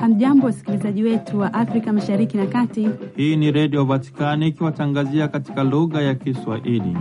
Hamjambo, wasikilizaji wetu wa Afrika mashariki na kati. Hii ni Redio Vatikani ikiwatangazia katika lugha ya Kiswahili.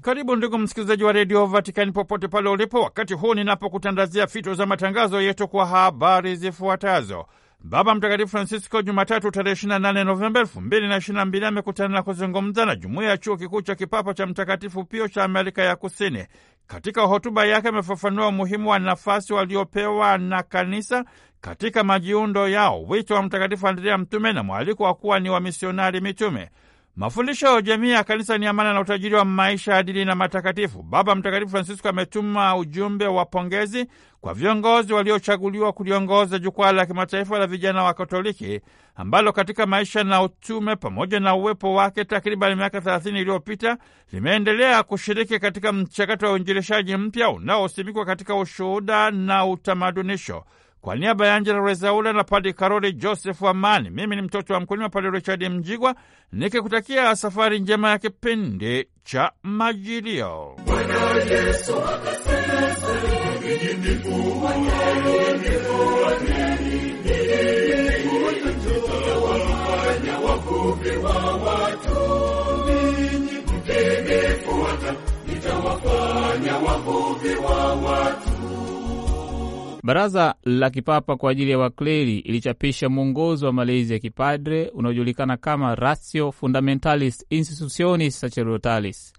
Karibu ndugu msikilizaji wa redio Vatikani popote pale ulipo, wakati huu ninapokutandazia fito za matangazo yetu kwa habari zifuatazo. Baba Mtakatifu Francisco Jumatatu tarehe 28 Novemba 2022 amekutana na kuzungumza na jumuiya ya chuo kikuu cha kipapa cha Mtakatifu Pio cha Amerika ya Kusini. Katika hotuba yake amefafanua umuhimu wa nafasi waliopewa na kanisa katika majiundo yao, wito wa Mtakatifu Andrea Mtume na mwaliko wa kuwa ni wamisionari mitume. Mafundisho ya jamii ya kanisa ni amana na utajiri wa maisha adili na matakatifu. Baba Mtakatifu Francisco ametuma ujumbe wa pongezi kwa viongozi waliochaguliwa kuliongoza jukwaa la kimataifa la vijana wa Katoliki ambalo katika maisha na utume pamoja na uwepo wake takriban miaka 30 iliyopita limeendelea kushiriki katika mchakato wa uinjilishaji mpya unaosimikwa katika ushuhuda na utamadunisho. Kwa niaba ya Angela Rezaula na Padi Karoli Josefu Amani, mimi ni mtoto wa mkulima Padi Richard Mjigwa, nikikutakia safari njema ya kipindi cha Majilio. Mtenifu wavuvi wa watu Baraza la Kipapa kwa ajili ya Wakleri ilichapisha mwongozo wa malezi ya kipadre unaojulikana kama Ratio Fundamentalis Institutionis Sacerdotalis.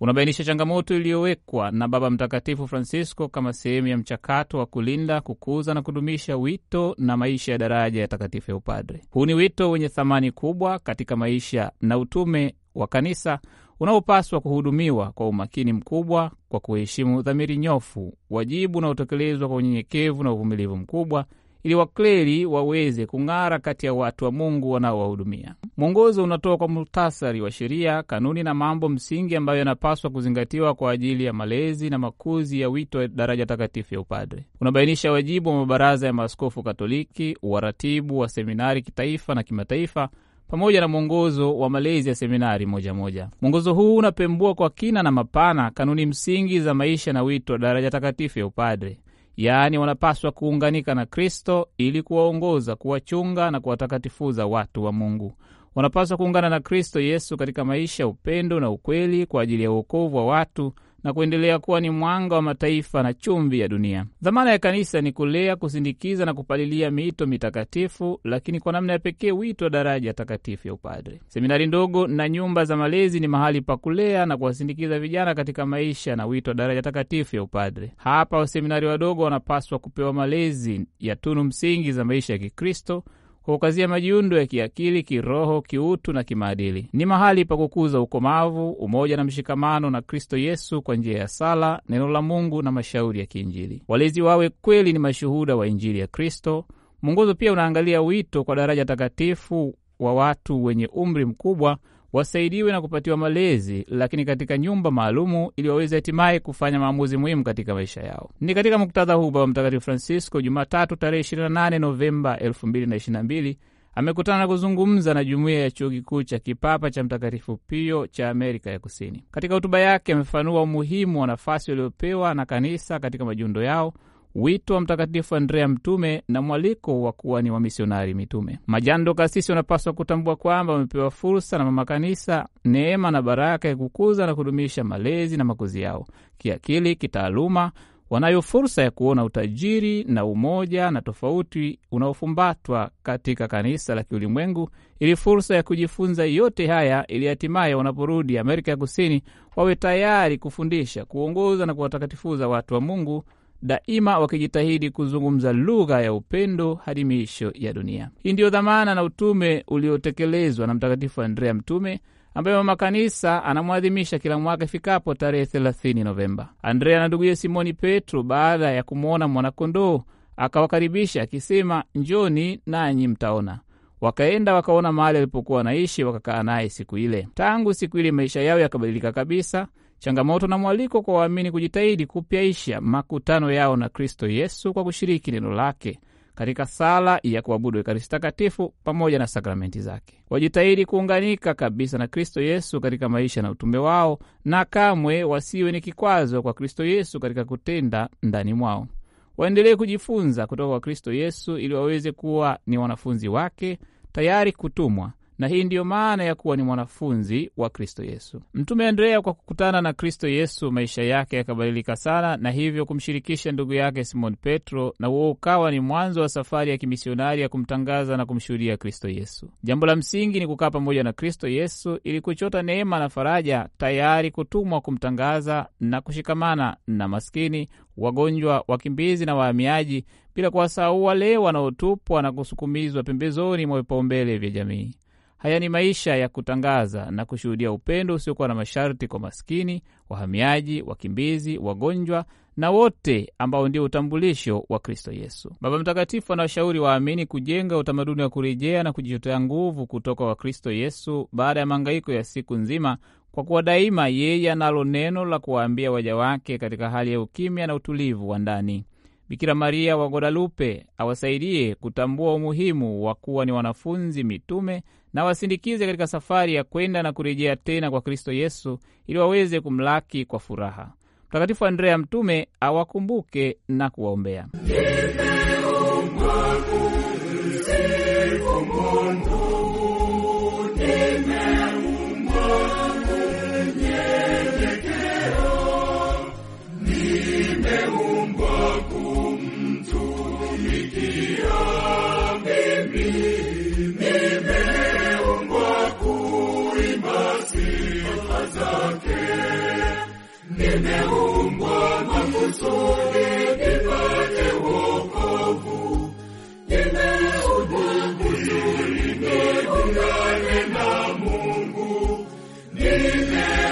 Unabainisha changamoto iliyowekwa na Baba Mtakatifu Francisco kama sehemu ya mchakato wa kulinda, kukuza na kudumisha wito na maisha ya daraja ya takatifu ya upadre. Huu ni wito wenye thamani kubwa katika maisha na utume wa Kanisa, unaopaswa kuhudumiwa kwa umakini mkubwa, kwa kuheshimu dhamiri nyofu, wajibu unaotekelezwa kwa unyenyekevu na uvumilivu mkubwa, ili wakleli waweze kung'ara kati ya watu wa Mungu wanaowahudumia. Mwongozo unatoa kwa muhtasari wa sheria, kanuni na mambo msingi ambayo yanapaswa kuzingatiwa kwa ajili ya malezi na makuzi ya wito daraja takatifu ya upadre. Unabainisha wajibu wa mabaraza ya maaskofu Katoliki, waratibu wa seminari kitaifa na kimataifa pamoja na mwongozo wa malezi ya seminari moja moja. Mwongozo huu unapembua kwa kina na mapana kanuni msingi za maisha na wito wa daraja takatifu ya upadre, yaani wanapaswa kuunganika na Kristo ili kuwaongoza, kuwachunga na kuwatakatifuza watu wa Mungu. Wanapaswa kuungana na Kristo Yesu katika maisha ya upendo na ukweli kwa ajili ya uokovu wa watu na kuendelea kuwa ni mwanga wa mataifa na chumvi ya dunia. Dhamana ya kanisa ni kulea, kusindikiza na kupalilia miito mitakatifu, lakini kwa namna ya pekee wito wa daraja takatifu ya upadre. Seminari ndogo na nyumba za malezi ni mahali pa kulea na kuwasindikiza vijana katika maisha na wito wa daraja takatifu ya upadre. Hapa waseminari wadogo wanapaswa kupewa malezi ya tunu msingi za maisha ya Kikristo kuukazia majiundo ya kiakili, kiroho, kiutu na kimaadili. Ni mahali pa kukuza ukomavu, umoja na mshikamano na Kristo Yesu kwa njia ya sala, neno la Mungu na mashauri ya kiinjili. Walezi wawe kweli ni mashuhuda wa Injili ya Kristo. Mwongozo pia unaangalia wito kwa daraja takatifu wa watu wenye umri mkubwa wasaidiwe na kupatiwa malezi, lakini katika nyumba maalumu ili waweze hatimaye kufanya maamuzi muhimu katika maisha yao. Ni katika muktadha huu Baba Mtakatifu Francisco Jumatatu tarehe 28 Novemba 2022 amekutana na kuzungumza na jumuiya ya chuo kikuu cha kipapa cha Mtakatifu Pio cha Amerika ya Kusini. Katika hotuba yake amefanua umuhimu wa nafasi waliopewa na kanisa katika majundo yao wito wa Mtakatifu Andrea Mtume na mwaliko wa kuwa ni wamisionari mitume. Majando kasisi wanapaswa kutambua kwamba wamepewa fursa na Mama Kanisa, neema na baraka ya kukuza na kudumisha malezi na makuzi yao kiakili, kitaaluma. Wanayo fursa ya kuona utajiri na umoja na tofauti unaofumbatwa katika kanisa la kiulimwengu, ili fursa ya kujifunza yote haya, ili hatimaye wanaporudi Amerika ya Kusini wawe tayari kufundisha, kuongoza na kuwatakatifuza watu wa Mungu daima wakijitahidi kuzungumza lugha ya upendo hadi miisho ya dunia. Hii ndiyo dhamana na utume uliotekelezwa na Mtakatifu Andrea Mtume, ambaye mama kanisa anamwadhimisha kila mwaka ifikapo tarehe 30 Novemba. Andrea na nduguye Simoni Petro, baada ya kumwona mwanakondoo, akawakaribisha akisema, njoni nanyi mtaona. Wakaenda wakaona mahali alipokuwa wanaishi, wakakaa naye siku ile. Tangu siku ile maisha yao yakabadilika kabisa changamoto na mwaliko kwa waamini kujitahidi kupyaisha makutano yao na Kristo Yesu kwa kushiriki neno lake katika sala ya kuabudu Ekaristi Takatifu pamoja na sakramenti zake. Wajitahidi kuunganika kabisa na Kristo Yesu katika maisha na utume wao, na kamwe wasiwe ni kikwazo kwa Kristo Yesu katika kutenda ndani mwao. Waendelee kujifunza kutoka kwa Kristo Yesu ili waweze kuwa ni wanafunzi wake tayari kutumwa na hii ndiyo maana ya kuwa ni mwanafunzi wa Kristo Yesu. Mtume Andrea, kwa kukutana na Kristo Yesu, maisha yake yakabadilika sana, na hivyo kumshirikisha ndugu yake Simon Petro, na huo ukawa ni mwanzo wa safari ya kimisionari ya kumtangaza na kumshuhudia Kristo Yesu. Jambo la msingi ni kukaa pamoja na Kristo Yesu ili kuchota neema na faraja, tayari kutumwa kumtangaza na kushikamana na maskini, wagonjwa, wakimbizi na wahamiaji, bila kuwasahau wale wanaotupwa na kusukumizwa pembezoni mwa vipaumbele vya jamii. Haya ni maisha ya kutangaza na kushuhudia upendo usiokuwa na masharti kwa maskini, wahamiaji, wakimbizi, wagonjwa na wote ambao ndio utambulisho wa Kristo Yesu. Baba Mtakatifu anawashauri waamini kujenga utamaduni wa kurejea na kujichotea nguvu kutoka kwa Kristo Yesu baada ya mangaiko ya siku nzima, kwa kuwa daima yeye analo neno la kuwaambia waja wake katika hali ya ukimya na utulivu wa ndani. Bikira Maria wa Guadalupe awasaidie kutambua umuhimu wa kuwa ni wanafunzi mitume na wasindikize katika safari ya kwenda na kurejea tena kwa Kristo Yesu ili waweze kumlaki kwa furaha. Mtakatifu Andrea mtume awakumbuke na kuwaombea. imeumbwa makusudi vipate wokovu, imeundwa kusudi niungane na Mungu, nime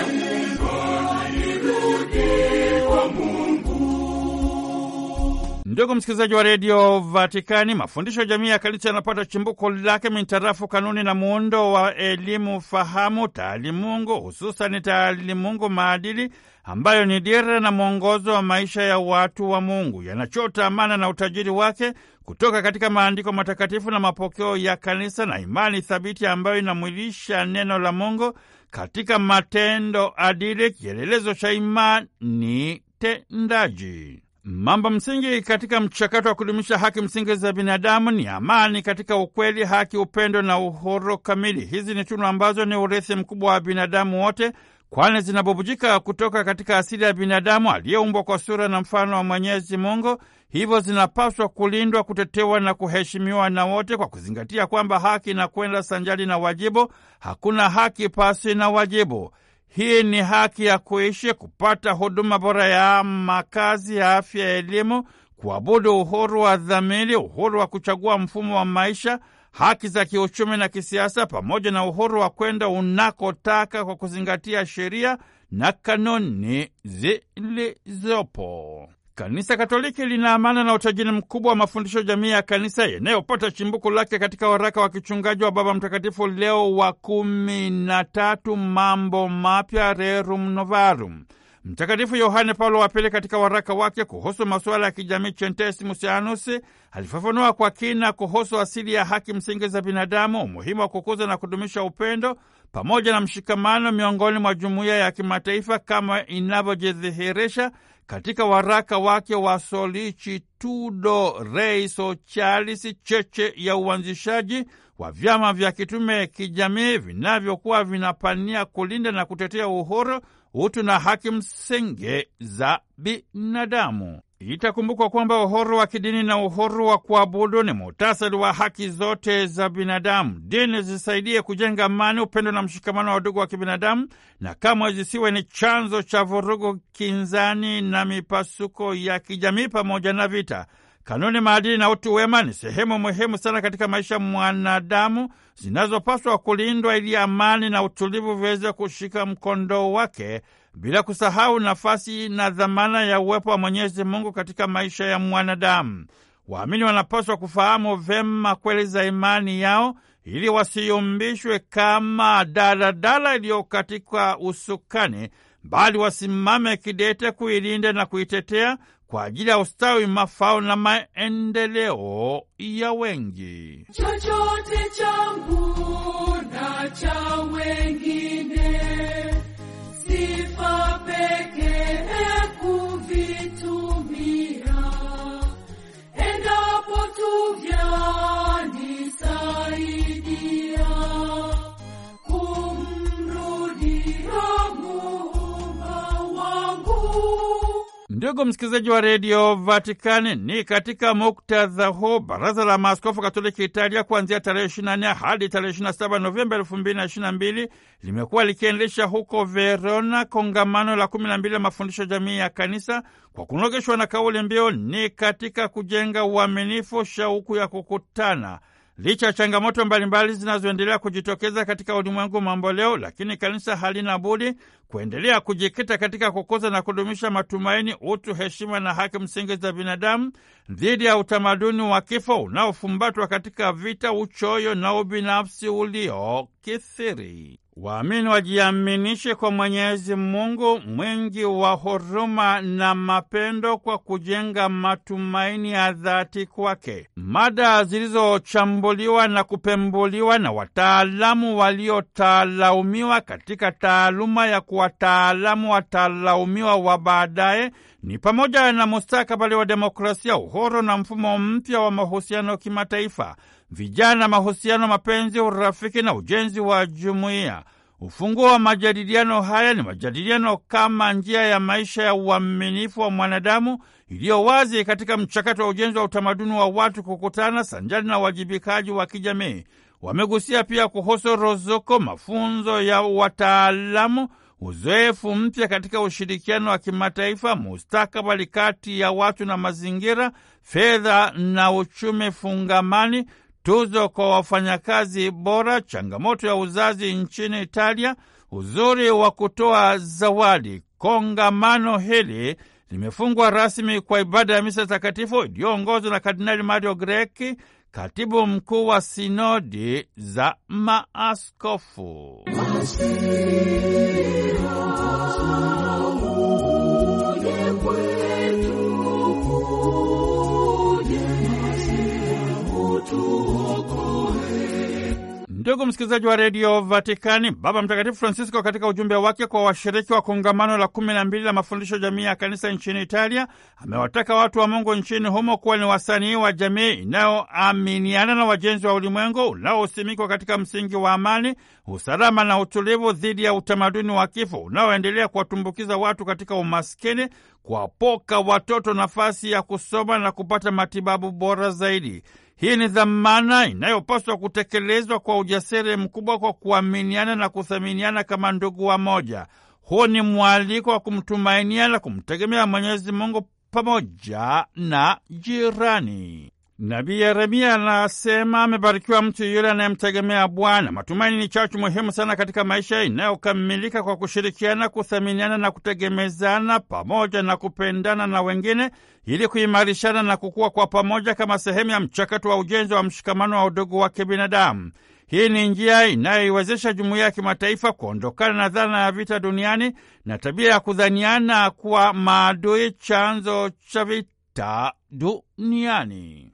Ndugu msikilizaji wa redio Vatikani, mafundisho ya jamii ya Kanisa yanapata chimbuko lake mintarafu kanuni na muundo wa elimu fahamu, taalimungu, hususani taalimungu maadili, ambayo ni dira na mwongozo wa maisha ya watu wa Mungu, yanachota amana na utajiri wake kutoka katika maandiko matakatifu na mapokeo ya Kanisa na imani thabiti ambayo inamwilisha neno la Mungu katika matendo adili, kielelezo cha imani tendaji. Mambo msingi katika mchakato wa kudumisha haki msingi za binadamu ni amani katika ukweli, haki, upendo na uhuru kamili. Hizi ni tunu ambazo ni urithi mkubwa wa binadamu wote, kwani zinabubujika kutoka katika asili ya binadamu aliyeumbwa kwa sura na mfano wa Mwenyezi Mungu. Hivyo zinapaswa kulindwa, kutetewa na kuheshimiwa na wote, kwa kuzingatia kwamba haki inakwenda sanjari na wajibu. Hakuna haki pasi na wajibu. Hii ni haki ya kuishi, kupata huduma bora ya makazi, ya afya, ya elimu, kuabudu, uhuru wa dhamiri, uhuru wa kuchagua mfumo wa maisha, haki za kiuchumi na kisiasa, pamoja na uhuru wa kwenda unakotaka kwa kuzingatia sheria na kanuni zilizopo. Kanisa Katoliki lina amana na utajiri mkubwa wa mafundisho jamii ya kanisa yanayopata chimbuko lake katika waraka wa kichungaji wa Baba Mtakatifu Leo wa kumi na tatu, Mambo Mapya, Rerum Novarum. Mtakatifu Yohane Paulo wa Pili katika waraka wake kuhusu masuala ya kijamii Centesimus Annus alifafanua kwa kina kuhusu asili ya haki msingi za binadamu, umuhimu wa kukuza na kudumisha upendo pamoja na mshikamano miongoni mwa jumuiya ya kimataifa kama inavyojidhihirisha katika waraka wake wa Solicitudo Rei Socialis, cheche ya uanzishaji wa vyama vya kitume kijamii vinavyokuwa vinapania kulinda na kutetea uhuru, utu na haki msingi za binadamu. Itakumbukwa kwamba uhuru wa kidini na uhuru wa kuabudu ni muhtasari wa haki zote za binadamu. Dini zisaidie kujenga amani, upendo na mshikamano wa udugu wa kibinadamu, na kamwe zisiwe ni chanzo cha vurugu, kinzani na mipasuko ya kijamii pamoja na vita. Kanuni, maadili na utu wema ni sehemu muhimu sana katika maisha mwanadamu zinazopaswa kulindwa ili amani na utulivu viweze kushika mkondo wake bila kusahau nafasi na dhamana ya uwepo wa Mwenyezi Mungu katika maisha ya mwanadamu. Waamini wanapaswa kufahamu vema kweli za imani yao ili wasiyumbishwe kama daladala iliyo katika usukani, bali wasimame kidete kuilinda na kuitetea kwa ajili ya ustawi, mafao na maendeleo ya wengi. Chochote changu na cha wengi Ndugu msikilizaji wa redio Vatikani, ni katika muktadha huu baraza la maaskofu katoliki Italia kuanzia tarehe 24 hadi tarehe 27 Novemba 2022 limekuwa likiendesha huko Verona kongamano la 12 la mafundisho jamii ya kanisa kwa kunogeshwa na kauli mbiu ni katika kujenga uaminifu, shauku ya kukutana Licha ya changamoto mbalimbali zinazoendelea kujitokeza katika ulimwengu mambo leo, lakini kanisa halina budi kuendelea kujikita katika kukuza na kudumisha matumaini, utu, heshima na haki msingi za binadamu dhidi ya utamaduni wa kifo unaofumbatwa katika vita, uchoyo na ubinafsi uliokithiri. Waamini wajiaminishe kwa Mwenyezi Mungu mwingi wa huruma na mapendo kwa kujenga matumaini ya dhati kwake. Mada zilizochambuliwa na kupembuliwa na wataalamu waliotaalaumiwa katika taaluma ya kuwataalamu watalaumiwa wa baadaye ni pamoja na mustakabali wa demokrasia, uhuru na mfumo mpya wa mahusiano kimataifa, vijana, mahusiano, mapenzi, urafiki na ujenzi wa jumuiya. Ufunguo wa majadiliano haya ni majadiliano kama njia ya maisha ya uaminifu wa mwanadamu iliyo wazi katika mchakato wa ujenzi wa utamaduni wa watu kukutana sanjari na uwajibikaji wa kijamii. Wamegusia pia kuhusu ruzuku, mafunzo ya wataalamu uzoefu mpya katika ushirikiano wa kimataifa, mustakabali kati ya watu na mazingira, fedha na uchumi fungamani, tuzo kwa wafanyakazi bora, changamoto ya uzazi nchini Italia, uzuri wa kutoa zawadi. Kongamano hili limefungwa rasmi kwa ibada ya misa takatifu iliyoongozwa na Kardinali Mario Greki, katibu mkuu wa sinodi za maaskofu. msikilizaji wa redio Vatikani, Baba Mtakatifu Francisco katika ujumbe wake kwa washiriki wa kongamano la kumi na mbili la mafundisho jamii ya kanisa nchini Italia amewataka watu wa Mungu nchini humo kuwa ni wasanii wa jamii inayoaminiana na wajenzi wa ulimwengu unaosimikwa katika msingi wa amani, usalama na utulivu dhidi ya utamaduni wa kifo unaoendelea kuwatumbukiza watu katika umaskini, kuwapoka watoto nafasi ya kusoma na kupata matibabu bora zaidi. Hii ni dhamana inayopaswa kutekelezwa kwa ujasiri mkubwa kwa kuaminiana na kuthaminiana kama ndugu wamoja. Huu ni mwaliko wa kumtumainia na kumtegemea Mwenyezi Mungu pamoja na jirani. Nabii Yeremia anasema amebarikiwa mtu yule anayemtegemea Bwana. Matumaini ni chachu muhimu sana katika maisha inayokamilika kwa kushirikiana, kuthaminiana na kutegemezana pamoja na kupendana na wengine ili kuimarishana na kukua kwa pamoja kama sehemu ya mchakato wa ujenzi wa mshikamano wa udugu wa kibinadamu. Hii ni njia inayoiwezesha jumuiya ya kimataifa kuondokana na dhana ya vita duniani na tabia ya kudhaniana kuwa maadui, chanzo cha vita duniani.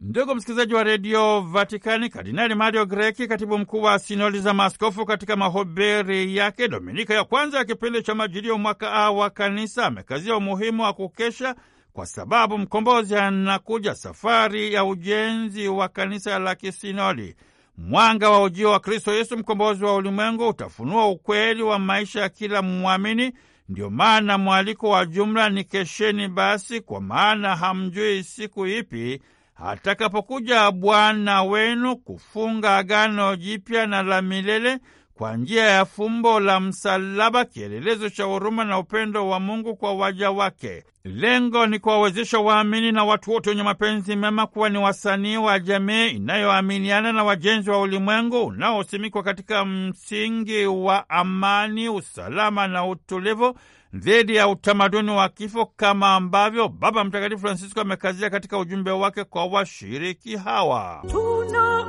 Ndugu msikilizaji wa redio Vatikani, Kardinali Mario Greki, katibu mkuu wa sinodi za maaskofu, katika mahubiri yake Dominika ya kwanza ya kipindi cha Majilio mwaka A wa Kanisa, amekazia umuhimu wa kukesha kwa sababu mkombozi anakuja. Safari ya ujenzi wa kanisa la kisinodi Mwanga wa ujio wa Kristo Yesu, mkombozi wa ulimwengu, utafunua ukweli wa maisha ya kila mwamini. Ndiyo maana mwaliko wa jumla ni kesheni basi, kwa maana hamjui siku ipi atakapokuja Bwana wenu kufunga agano jipya na la milele kwa njia ya fumbo la msalaba, kielelezo cha huruma na upendo wa Mungu kwa waja wake. Lengo ni kuwawezesha waamini na watu wote wenye mapenzi mema kuwa ni wasanii wa jamii inayoaminiana na wajenzi wa ulimwengu unaosimikwa katika msingi wa amani, usalama na utulivu dhidi ya utamaduni wa kifo, kama ambavyo Baba Mtakatifu Francisco amekazia katika ujumbe wake kwa washiriki hawa Tuna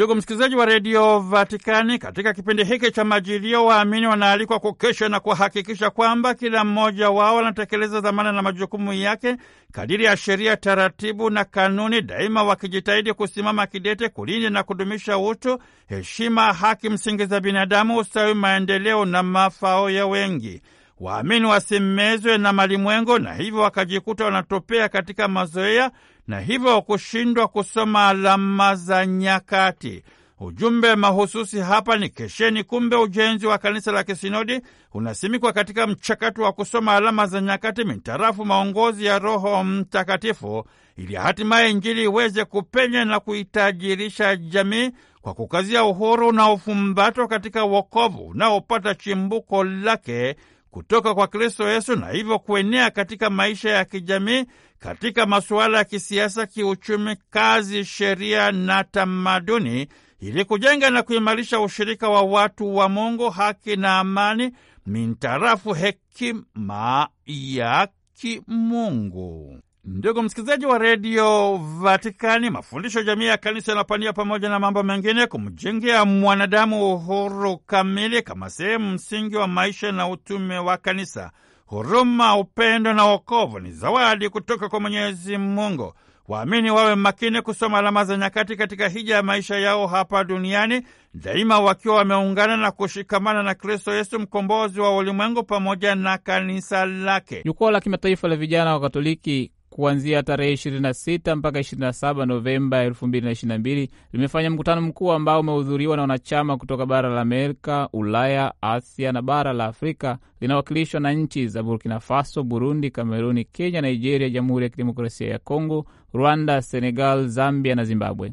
Ndugu msikilizaji wa redio Vatikani, katika kipindi hiki cha Majilio, waamini wanaalikwa kukesha na kuhakikisha kwamba kila mmoja wao anatekeleza dhamana na majukumu yake kadiri ya sheria, taratibu na kanuni, daima wakijitahidi kusimama kidete kulinda na kudumisha utu, heshima, haki msingi za binadamu, ustawi, maendeleo na mafao ya wengi. Waamini wasimezwe na malimwengo na hivyo wakajikuta wanatopea katika mazoea na hivyo kushindwa kusoma alama za nyakati. Ujumbe mahususi hapa ni kesheni. Kumbe ujenzi wa kanisa la kisinodi unasimikwa katika mchakato wa kusoma alama za nyakati mintarafu maongozi ya Roho Mtakatifu, ili hatimaye Injili iweze kupenya na kuitajirisha jamii kwa kukazia uhuru na ufumbato katika wokovu unaopata chimbuko lake kutoka kwa Kristo Yesu na hivyo kuenea katika maisha ya kijamii, katika masuala ya kisiasa, kiuchumi, kazi, sheria na tamaduni, ili kujenga na kuimarisha ushirika wa watu wa Mungu, haki na amani, mintarafu hekima ya kimungu. Ndugu msikilizaji wa redio Vatikani, mafundisho jamii ya kanisa yanapania pamoja na mambo mengine kumjengea mwanadamu uhuru kamili kama sehemu msingi wa maisha na utume wa kanisa. Huruma, upendo na wokovu ni zawadi kutoka kwa Mwenyezi Mungu. Waamini wawe makini kusoma alama za nyakati katika hija ya maisha yao hapa duniani, daima wakiwa wameungana na kushikamana na Kristo Yesu, mkombozi wa ulimwengu, pamoja na kanisa lake. Jukwaa la kimataifa la vijana wa Katoliki kuanzia tarehe 26 mpaka 27 Novemba 2022 limefanya mkutano mkuu ambao umehudhuriwa na wanachama kutoka bara la Amerika, Ulaya, Asia na bara la Afrika, linawakilishwa na nchi za Burkina Faso, Burundi, Kameruni, Kenya, Nigeria, Jamhuri ya Kidemokrasia ya Kongo, Rwanda, Senegal, Zambia na Zimbabwe.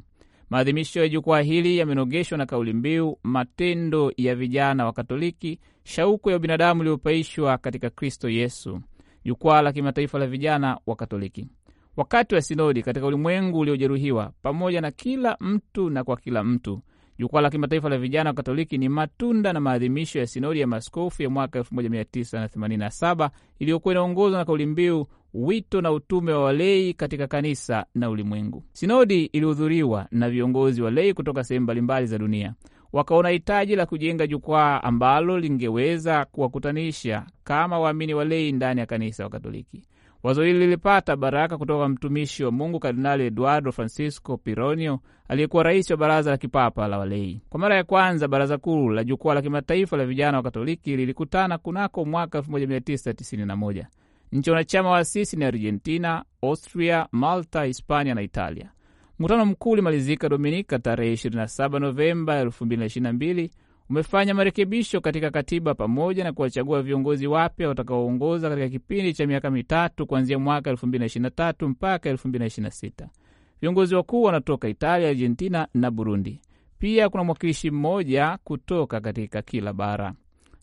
Maadhimisho ya jukwaa hili yamenogeshwa na kauli mbiu matendo ya vijana wa Katoliki, shauku ya ubinadamu iliyopaishwa katika Kristo Yesu jukwaa la kimataifa la vijana wa Katoliki wakati wa sinodi katika ulimwengu uliojeruhiwa, pamoja na kila mtu na kwa kila mtu. Jukwaa la kimataifa la vijana wa Katoliki ni matunda na maadhimisho ya sinodi ya maskofu ya mwaka 1987 iliyokuwa inaongozwa na kauli mbiu wito na utume wa walei katika kanisa na ulimwengu. Sinodi ilihudhuriwa na viongozi walei kutoka sehemu mbalimbali za dunia wakaona hitaji la kujenga jukwaa ambalo lingeweza kuwakutanisha kama waamini walei ndani ya kanisa wa Katoliki. Wazo hili lilipata baraka kutoka mtumishi wa Mungu Kardinali Eduardo Francisco Pironio, aliyekuwa rais wa baraza la kipapa la walei. Kwa mara ya kwanza, baraza kuu la jukwaa la kimataifa la vijana wa Katoliki lilikutana kunako mwaka 1991. Nchi wanachama wa asisi ni Argentina, Austria, Malta, Hispania na Italia. Mkutano mkuu ulimalizika Dominika tarehe 27 Novemba 2022 umefanya marekebisho katika katiba pamoja na kuwachagua viongozi wapya watakaoongoza katika kipindi cha miaka mitatu kuanzia mwaka 2023 mpaka 2026. Viongozi wakuu wanatoka Italia, Argentina na Burundi. Pia kuna mwakilishi mmoja kutoka katika kila bara.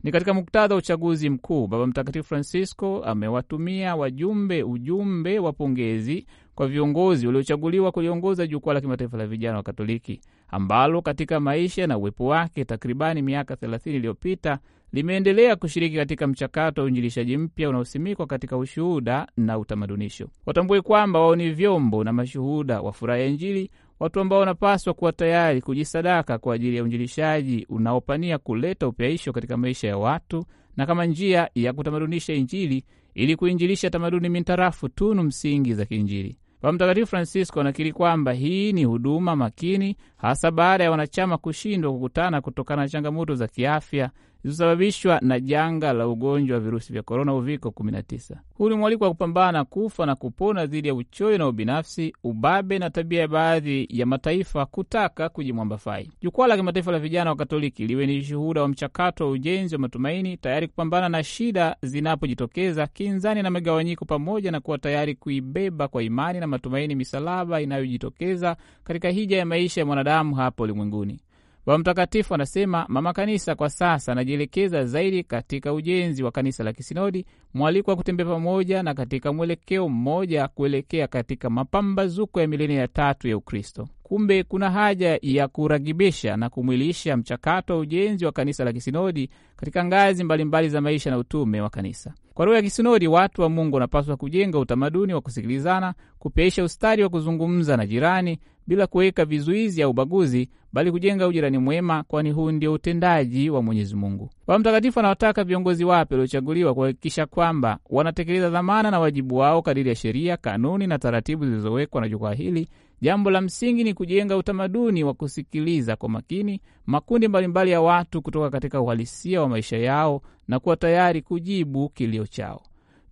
Ni katika muktadha wa uchaguzi mkuu, Baba Mtakatifu Francisco amewatumia wajumbe ujumbe wa pongezi kwa viongozi waliochaguliwa kuliongoza jukwaa la kimataifa la vijana wa Katoliki ambalo katika maisha na uwepo wake takribani miaka 30 iliyopita limeendelea kushiriki katika mchakato wa uinjilishaji mpya unaosimikwa katika ushuhuda na utamadunisho. Watambue kwamba wao ni vyombo na mashuhuda wa furaha ya Injili, watu ambao wanapaswa kuwa tayari kujisadaka kwa ajili ya uinjilishaji unaopania kuleta upyaisho katika maisha ya watu na kama njia ya kutamadunisha Injili ili kuinjilisha tamaduni mintarafu tunu msingi za kiinjili. Baba Mtakatifu Francisco anakiri kwamba hii ni huduma makini, hasa baada ya wanachama kushindwa kukutana kutokana na changamoto za kiafya zilizosababishwa na janga la ugonjwa wa virusi vya korona uviko 19. Huu ni mwaliko wa kupambana kufa na kupona dhidi ya uchoyo na ubinafsi, ubabe na tabia ya baadhi ya mataifa kutaka kujimwambafai. Jukwaa la kimataifa la vijana wa Katoliki liwe ni shuhuda wa mchakato wa ujenzi wa matumaini, tayari kupambana na shida zinapojitokeza kinzani na migawanyiko, pamoja na kuwa tayari kuibeba kwa imani na matumaini misalaba inayojitokeza katika hija ya maisha ya mwanadamu hapa ulimwenguni. Baba Mtakatifu anasema mama kanisa kwa sasa anajielekeza zaidi katika ujenzi wa kanisa la kisinodi, mwaliko wa kutembea pamoja na katika mwelekeo mmoja kuelekea katika mapambazuko ya milenia ya tatu ya Ukristo. Kumbe kuna haja ya kuragibisha na kumwilisha mchakato wa ujenzi wa kanisa la kisinodi katika ngazi mbalimbali mbali za maisha na utume wa kanisa. Kwa roho ya kisinodi, watu wa Mungu wanapaswa kujenga utamaduni wa kusikilizana, kupyaisha ustadi wa kuzungumza na jirani bila kuweka vizuizi au ubaguzi, bali kujenga ujirani mwema, kwani huu ndio utendaji wa Mwenyezi Mungu. Baba Mtakatifu anawataka viongozi wapya waliochaguliwa kuhakikisha kwamba wanatekeleza dhamana na wajibu wao kadiri ya sheria, kanuni na taratibu zilizowekwa na jukwaa hili. Jambo la msingi ni kujenga utamaduni wa kusikiliza kwa makini makundi mbalimbali ya watu kutoka katika uhalisia wa maisha yao na kuwa tayari kujibu kilio chao.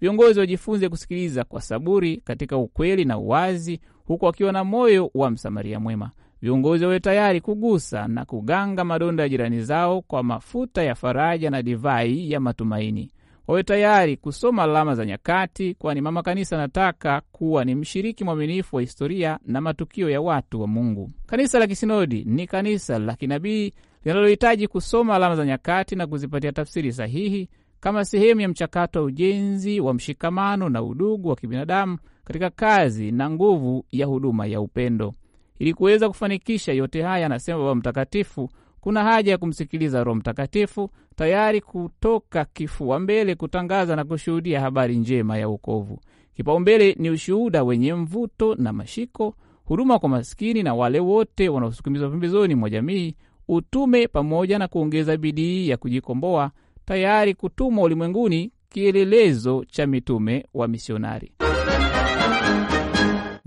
Viongozi wajifunze kusikiliza kwa saburi katika ukweli na uwazi, huku wakiwa na moyo wa msamaria mwema. Viongozi wawe tayari kugusa na kuganga madonda ya jirani zao kwa mafuta ya faraja na divai ya matumaini. Wawe tayari kusoma alama za nyakati, kwani Mama Kanisa anataka kuwa ni mshiriki mwaminifu wa historia na matukio ya watu wa Mungu. Kanisa la kisinodi ni kanisa la kinabii linalohitaji kusoma alama za nyakati na kuzipatia tafsiri sahihi kama sehemu ya mchakato wa ujenzi wa mshikamano na udugu wa kibinadamu katika kazi na nguvu ya huduma ya upendo. Ili kuweza kufanikisha yote haya, anasema Baba Mtakatifu, kuna haja ya kumsikiliza Roho Mtakatifu, tayari kutoka kifua mbele kutangaza na kushuhudia habari njema ya wokovu. Kipaumbele ni ushuhuda wenye mvuto na mashiko, huduma kwa masikini na wale wote wanaosukumizwa pembezoni mwa jamii, utume, pamoja na kuongeza bidii ya kujikomboa tayari kutumwa ulimwenguni, kielelezo cha mitume wa misionari.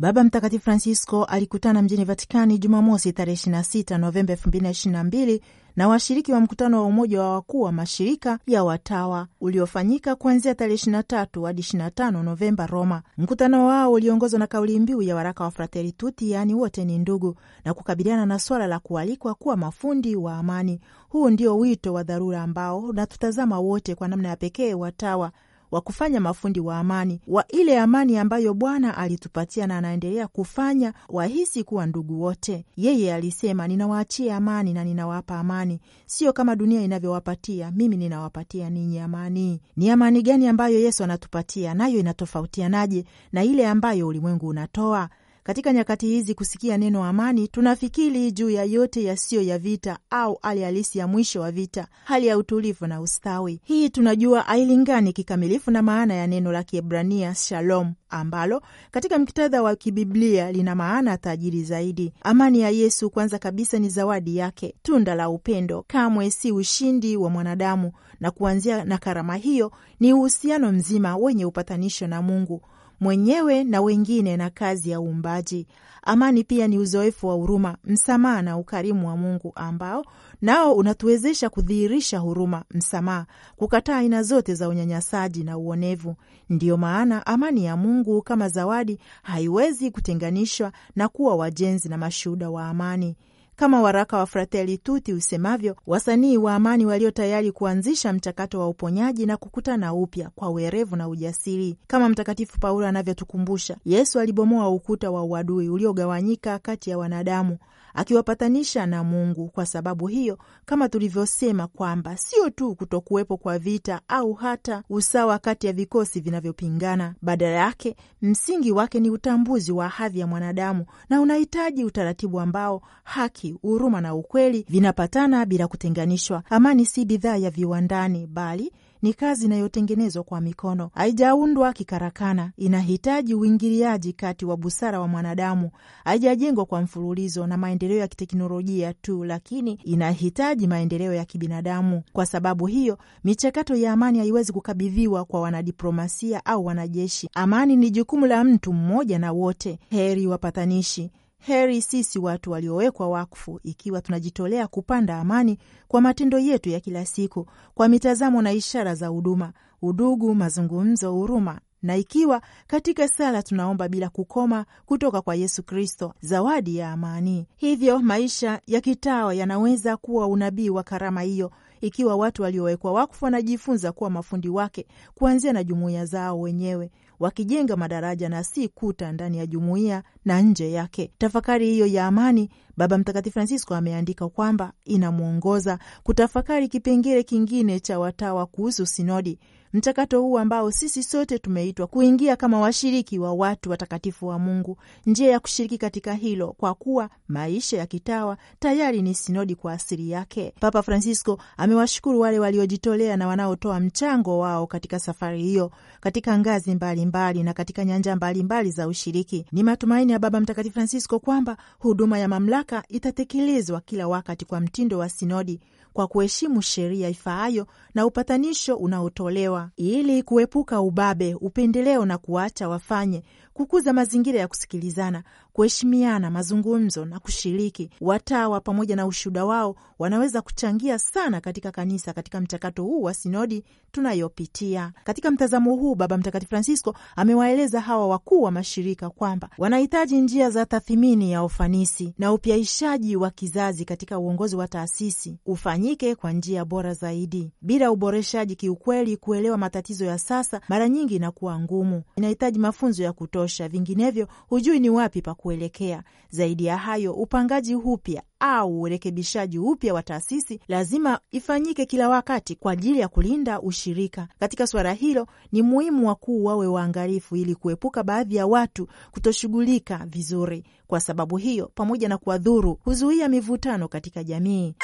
Baba Mtakatifu Francisco alikutana mjini Vatikani Jumamosi tarehe 26 Novemba 2022 na washiriki wa mkutano wa umoja wa wakuu wa mashirika ya watawa uliofanyika kuanzia tarehe 23 hadi 25 Novemba Roma. Mkutano wao uliongozwa na kauli mbiu ya waraka wa Fratelli Tutti, yaani wote ni ndugu, na kukabiliana na swala la kualikwa kuwa mafundi wa amani. Huu ndio wito wa dharura ambao unatutazama wote, kwa namna ya pekee watawa wa kufanya mafundi wa amani wa ile amani ambayo Bwana alitupatia na anaendelea kufanya wahisi kuwa ndugu wote. Yeye alisema, ninawaachia amani na ninawapa amani, sio kama dunia inavyowapatia, mimi ninawapatia ninyi amani. Ni amani gani ambayo Yesu anatupatia? Nayo inatofautianaje na ile ambayo ulimwengu unatoa? Katika nyakati hizi, kusikia neno amani, tunafikiri juu ya yote yasiyo ya vita au hali halisi ya mwisho wa vita, hali ya utulivu na ustawi. Hii tunajua hailingani kikamilifu na maana ya neno la Kiebrania shalom, ambalo katika muktadha wa kibiblia lina maana tajiri zaidi. Amani ya Yesu kwanza kabisa ni zawadi yake, tunda la upendo, kamwe si ushindi wa mwanadamu, na kuanzia na karama hiyo ni uhusiano mzima wenye upatanisho na Mungu mwenyewe na wengine na kazi ya uumbaji. Amani pia ni uzoefu wa huruma, msamaha na ukarimu wa Mungu ambao nao unatuwezesha kudhihirisha huruma, msamaha, kukataa aina zote za unyanyasaji na uonevu. Ndiyo maana amani ya Mungu kama zawadi haiwezi kutenganishwa na kuwa wajenzi na mashuhuda wa amani. Kama waraka wa Fratelli Tutti usemavyo, wasanii wa amani walio tayari kuanzisha mchakato wa uponyaji na kukutana upya kwa uerevu na ujasiri. Kama Mtakatifu Paulo anavyotukumbusha, Yesu alibomoa ukuta wa uadui uliogawanyika kati ya wanadamu akiwapatanisha na Mungu. Kwa sababu hiyo, kama tulivyosema kwamba sio tu kutokuwepo kwa vita au hata usawa kati ya vikosi vinavyopingana, badala yake msingi wake ni utambuzi wa hadhi ya mwanadamu na unahitaji utaratibu ambao haki, huruma na ukweli vinapatana bila kutenganishwa. Amani si bidhaa ya viwandani, bali ni kazi inayotengenezwa kwa mikono, haijaundwa kikarakana, inahitaji uingiliaji kati wa busara wa mwanadamu, haijajengwa kwa mfululizo na maendeleo ya kiteknolojia tu, lakini inahitaji maendeleo ya kibinadamu. Kwa sababu hiyo, michakato ya amani haiwezi kukabidhiwa kwa wanadiplomasia au wanajeshi. Amani ni jukumu la mtu mmoja na wote. Heri wapatanishi Heri sisi watu waliowekwa wakfu, ikiwa tunajitolea kupanda amani kwa matendo yetu ya kila siku, kwa mitazamo na ishara za huduma, udugu, mazungumzo, huruma na ikiwa katika sala tunaomba bila kukoma kutoka kwa Yesu Kristo zawadi ya amani. Hivyo maisha ya kitawa yanaweza kuwa unabii wa karama hiyo, ikiwa watu waliowekwa wakfu wanajifunza kuwa mafundi wake, kuanzia na jumuiya zao wenyewe, wakijenga madaraja na si kuta ndani ya jumuiya na nje yake. Tafakari hiyo ya amani Baba Mtakatifu Francisco ameandika kwamba inamwongoza kutafakari kipengele kingine cha watawa kuhusu sinodi, mchakato huu ambao sisi sote tumeitwa kuingia kama washiriki wa watu watakatifu wa Mungu. Njia ya kushiriki katika hilo, kwa kuwa maisha ya kitawa tayari ni sinodi kwa asili yake. Papa Francisco amewashukuru wale waliojitolea na wanaotoa mchango wao katika safari hiyo, katika ngazi mbalimbali mbali na katika nyanja mbalimbali mbali za ushiriki. Ni matumaini ya Baba Mtakatifu Francisco kwamba huduma ya mamlaka mamlaka itatekelezwa kila wakati kwa mtindo wa sinodi kwa kuheshimu sheria ifaayo na upatanisho unaotolewa ili kuepuka ubabe, upendeleo na kuacha wafanye, kukuza mazingira ya kusikilizana, kuheshimiana, mazungumzo na kushiriki. Watawa pamoja na ushuhuda wao wanaweza kuchangia sana katika kanisa katika mchakato huu wa sinodi tunayopitia. Katika mtazamo huu, Baba Mtakatifu Francisco amewaeleza hawa wakuu wa mashirika kwamba wanahitaji njia za tathmini ya ufanisi na upyaishaji wa kizazi katika uongozi wa taasisi ufanyike kwa njia bora zaidi. Bila uboreshaji, kiukweli, kuelewa matatizo ya sasa mara nyingi inakuwa ngumu. Inahitaji mafunzo ya kutosha, vinginevyo hujui ni wapi pa kuelekea. Zaidi ya hayo, upangaji upya au urekebishaji upya wa taasisi lazima ifanyike kila wakati kwa ajili ya kulinda ushirika. Katika suala hilo, ni muhimu wakuu wawe waangalifu ili kuepuka baadhi ya watu kutoshughulika vizuri. Kwa sababu hiyo, pamoja na kuwadhuru, huzuia mivutano katika jamii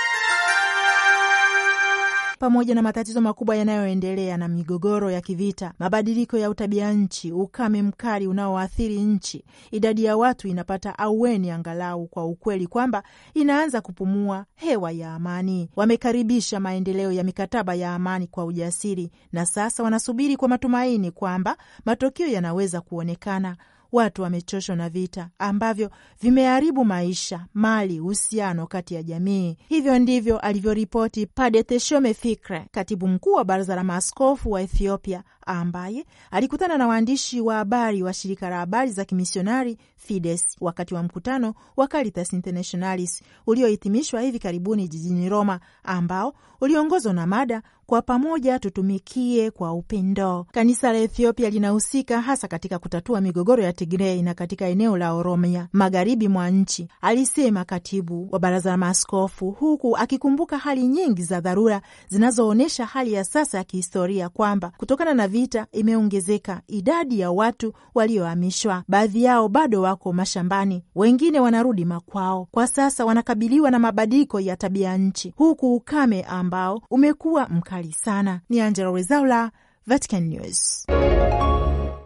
pamoja na matatizo makubwa yanayoendelea na migogoro ya kivita, mabadiliko ya utabia nchi, ukame mkali unaoathiri nchi, idadi ya watu inapata aueni angalau kwa ukweli kwamba inaanza kupumua hewa ya amani. Wamekaribisha maendeleo ya mikataba ya amani kwa ujasiri, na sasa wanasubiri kwa matumaini kwamba matokeo yanaweza kuonekana Watu wamechoshwa na vita ambavyo vimeharibu maisha, mali, uhusiano kati ya jamii. Hivyo ndivyo alivyoripoti Padre Teshome Fikre, katibu mkuu wa baraza la maaskofu wa Ethiopia, ambaye alikutana na waandishi wa habari wa shirika la habari za kimisionari Fides wakati wa mkutano wa Caritas Internationalis uliohitimishwa hivi karibuni jijini Roma, ambao uliongozwa na mada kwa pamoja tutumikie kwa upendo. Kanisa la Ethiopia linahusika hasa katika kutatua migogoro ya Tigrei na katika eneo la Oromia, magharibi mwa nchi, alisema katibu wa baraza la maaskofu, huku akikumbuka hali nyingi za dharura zinazoonyesha hali ya sasa ya kihistoria kwamba kutokana na vita imeongezeka idadi ya watu waliohamishwa. Baadhi yao bado wako mashambani, wengine wanarudi makwao. Kwa sasa wanakabiliwa na mabadiliko ya tabia nchi, huku ukame ambao umekuwa mkali sana. Ni Angela Rezaula, Vatican News.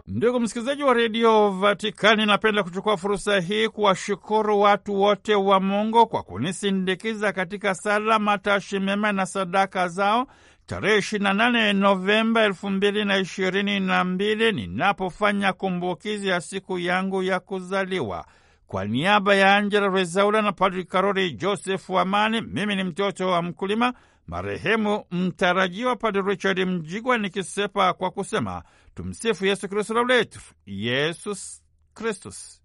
Ndugu msikilizaji wa redio Vatikani, napenda kuchukua fursa hii kuwashukuru watu wote wa Mungu kwa kunisindikiza katika sala, matashi mema na sadaka zao tarehe 28 Novemba 2022 ninapofanya kumbukizi ya siku yangu ya kuzaliwa. Kwa niaba ya Angela Rezaula na Padri Karoli Josefu Amani, mimi ni mtoto wa mkulima marehemu mtarajiwa Padri Richard Mjigwa, nikisepa kwa kusema tumsifu Yesu Kristu, lauletu Yesus Kristus.